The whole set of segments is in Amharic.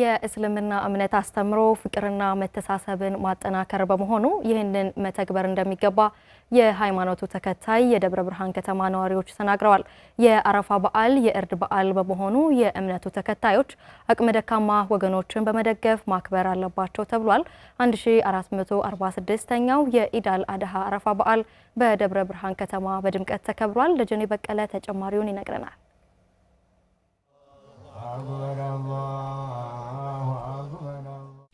የእስልምና እምነት አስተምሮ ፍቅርና መተሳሰብን ማጠናከር በመሆኑ ይህንን መተግበር እንደሚገባ የሃይማኖቱ ተከታይ የደብረ ብርሃን ከተማ ነዋሪዎች ተናግረዋል። የአረፋ በዓል የእርድ በዓል በመሆኑ የእምነቱ ተከታዮች አቅመ ደካማ ወገኖችን በመደገፍ ማክበር አለባቸው ተብሏል። 1446ኛው የኢዳል አድሃ አረፋ በዓል በደብረ ብርሃን ከተማ በድምቀት ተከብሯል። ደጀኔ በቀለ ተጨማሪውን ይነግረናል።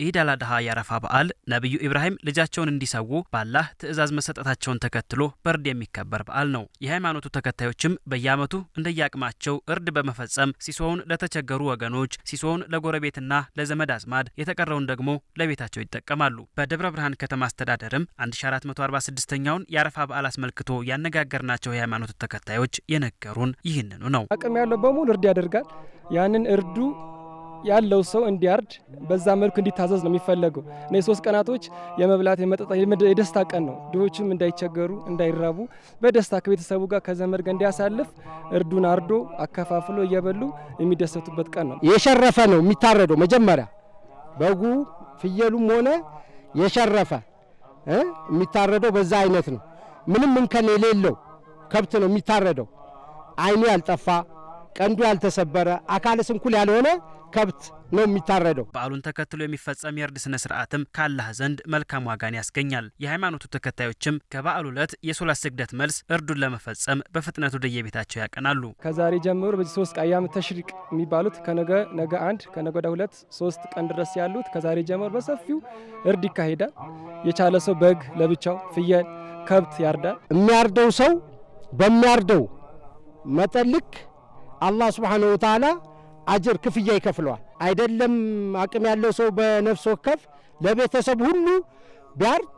ኢድ አል አድሃ የአረፋ በዓል ነቢዩ ኢብራሂም ልጃቸውን እንዲሰዉ በአላህ ትእዛዝ መሰጠታቸውን ተከትሎ በእርድ የሚከበር በዓል ነው። የሃይማኖቱ ተከታዮችም በየዓመቱ እንደየአቅማቸው እርድ በመፈጸም ሲሶውን ለተቸገሩ ወገኖች፣ ሲሶውን ለጎረቤትና ለዘመድ አዝማድ፣ የተቀረውን ደግሞ ለቤታቸው ይጠቀማሉ። በደብረ ብርሃን ከተማ አስተዳደርም 1446ኛውን የአረፋ በዓል አስመልክቶ ያነጋገርናቸው የሃይማኖቱ ተከታዮች የነገሩን ይህንኑ ነው። አቅም ያለው በሙሉ እርድ ያደርጋል። ያንን እርዱ ያለው ሰው እንዲያርድ በዛ መልኩ እንዲታዘዝ ነው የሚፈለገው። እና የሶስት ቀናቶች የመብላት የመጠጣ የደስታ ቀን ነው። ድሆችም እንዳይቸገሩ እንዳይራቡ በደስታ ከቤተሰቡ ጋር ከዘመድ ጋር እንዲያሳልፍ እርዱን አርዶ አከፋፍሎ እየበሉ የሚደሰቱበት ቀን ነው። የሸረፈ ነው የሚታረደው። መጀመሪያ በጉ ፍየሉም ሆነ የሸረፈ የሚታረደው በዛ አይነት ነው። ምንም እንከን የሌለው ከብት ነው የሚታረደው። አይኑ ያልጠፋ ቀንዱ ያልተሰበረ አካለ ስንኩል ያልሆነ ከብት ነው የሚታረደው። በዓሉን ተከትሎ የሚፈጸም የእርድ ስነ ስርዓትም ከአላህ ዘንድ መልካም ዋጋን ያስገኛል። የሃይማኖቱ ተከታዮችም ከበዓሉ ዕለት የሶላት ስግደት መልስ እርዱን ለመፈጸም በፍጥነት ወደ የቤታቸው ያቀናሉ። ከዛሬ ጀምሮ በዚህ ሶስት ቀያም ተሽሪቅ የሚባሉት ከነገ ነገ አንድ ከነገ ወደ ሁለት ሶስት ቀን ድረስ ያሉት ከዛሬ ጀምሮ በሰፊው እርድ ይካሄዳል። የቻለ ሰው በግ ለብቻው፣ ፍየል፣ ከብት ያርዳል። የሚያርደው ሰው በሚያርደው መጠን ልክ አላህ ሱብሓነሁ ወተዓላ አጅር ክፍያ ይከፍለዋል። አይደለም አቅም ያለው ሰው በነፍስ ወከፍ ለቤተሰብ ሁሉ ቢያርድ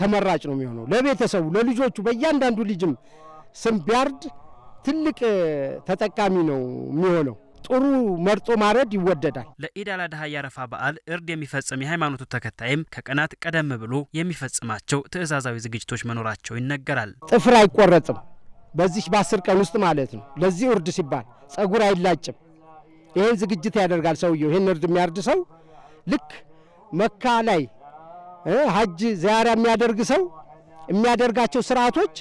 ተመራጭ ነው የሚሆነው። ለቤተሰቡ ለልጆቹ፣ በእያንዳንዱ ልጅም ስም ቢያርድ ትልቅ ተጠቃሚ ነው የሚሆነው። ጥሩ መርጦ ማረድ ይወደዳል። ለኢድ አል አድሃ የአረፋ በዓል እርድ የሚፈጽም የሃይማኖቱ ተከታይም ከቀናት ቀደም ብሎ የሚፈጽማቸው ትዕዛዛዊ ዝግጅቶች መኖራቸው ይነገራል። ጥፍር አይቆረጥም። በዚህ በአስር ቀን ውስጥ ማለት ነው። ለዚህ እርድ ሲባል ጸጉር አይላጭም። ይህን ዝግጅት ያደርጋል ሰውየው። ይህን እርድ የሚያርድ ሰው ልክ መካ ላይ ሀጅ ዚያራ የሚያደርግ ሰው የሚያደርጋቸው ስርዓቶች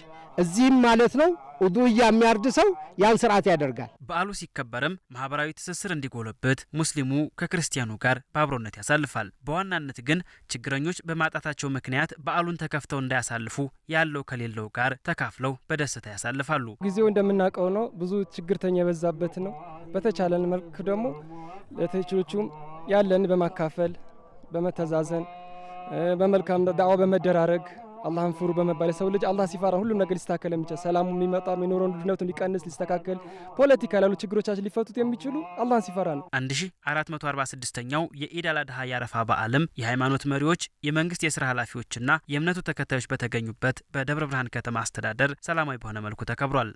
እዚህም ማለት ነው ውዱእያ የሚያርድ ሰው ያን ስርዓት ያደርጋል። በዓሉ ሲከበርም ማህበራዊ ትስስር እንዲጎለበት ሙስሊሙ ከክርስቲያኑ ጋር በአብሮነት ያሳልፋል። በዋናነት ግን ችግረኞች በማጣታቸው ምክንያት በዓሉን ተከፍተው እንዳያሳልፉ ያለው ከሌለው ጋር ተካፍለው በደስታ ያሳልፋሉ። ጊዜው እንደምናውቀው ነው፣ ብዙ ችግርተኛ የበዛበት ነው። በተቻለን መልክ ደግሞ ለተችሎቹም ያለን በማካፈል በመተዛዘን በመልካም ዳዋ በመደራረግ አላህን ፍሩ በመባል የሰው ልጅ አላህ ሲፈራ ሁሉም ነገር ሊስተካከል የሚችል ሰላሙ የሚመጣ የኑሮ ውድነቱ ሊቀንስ ሊስተካከል፣ ፖለቲካ ላሉ ችግሮቻችን ሊፈቱት የሚችሉ አላህን ሲፈራ ነው አርባ 1446ኛው የኢድ አል አድሃ የአረፋ በዓልም የሃይማኖት መሪዎች፣ የመንግስት የስራ ኃላፊዎችና የእምነቱ ተከታዮች በተገኙበት በደብረ ብርሃን ከተማ አስተዳደር ሰላማዊ በሆነ መልኩ ተከብሯል።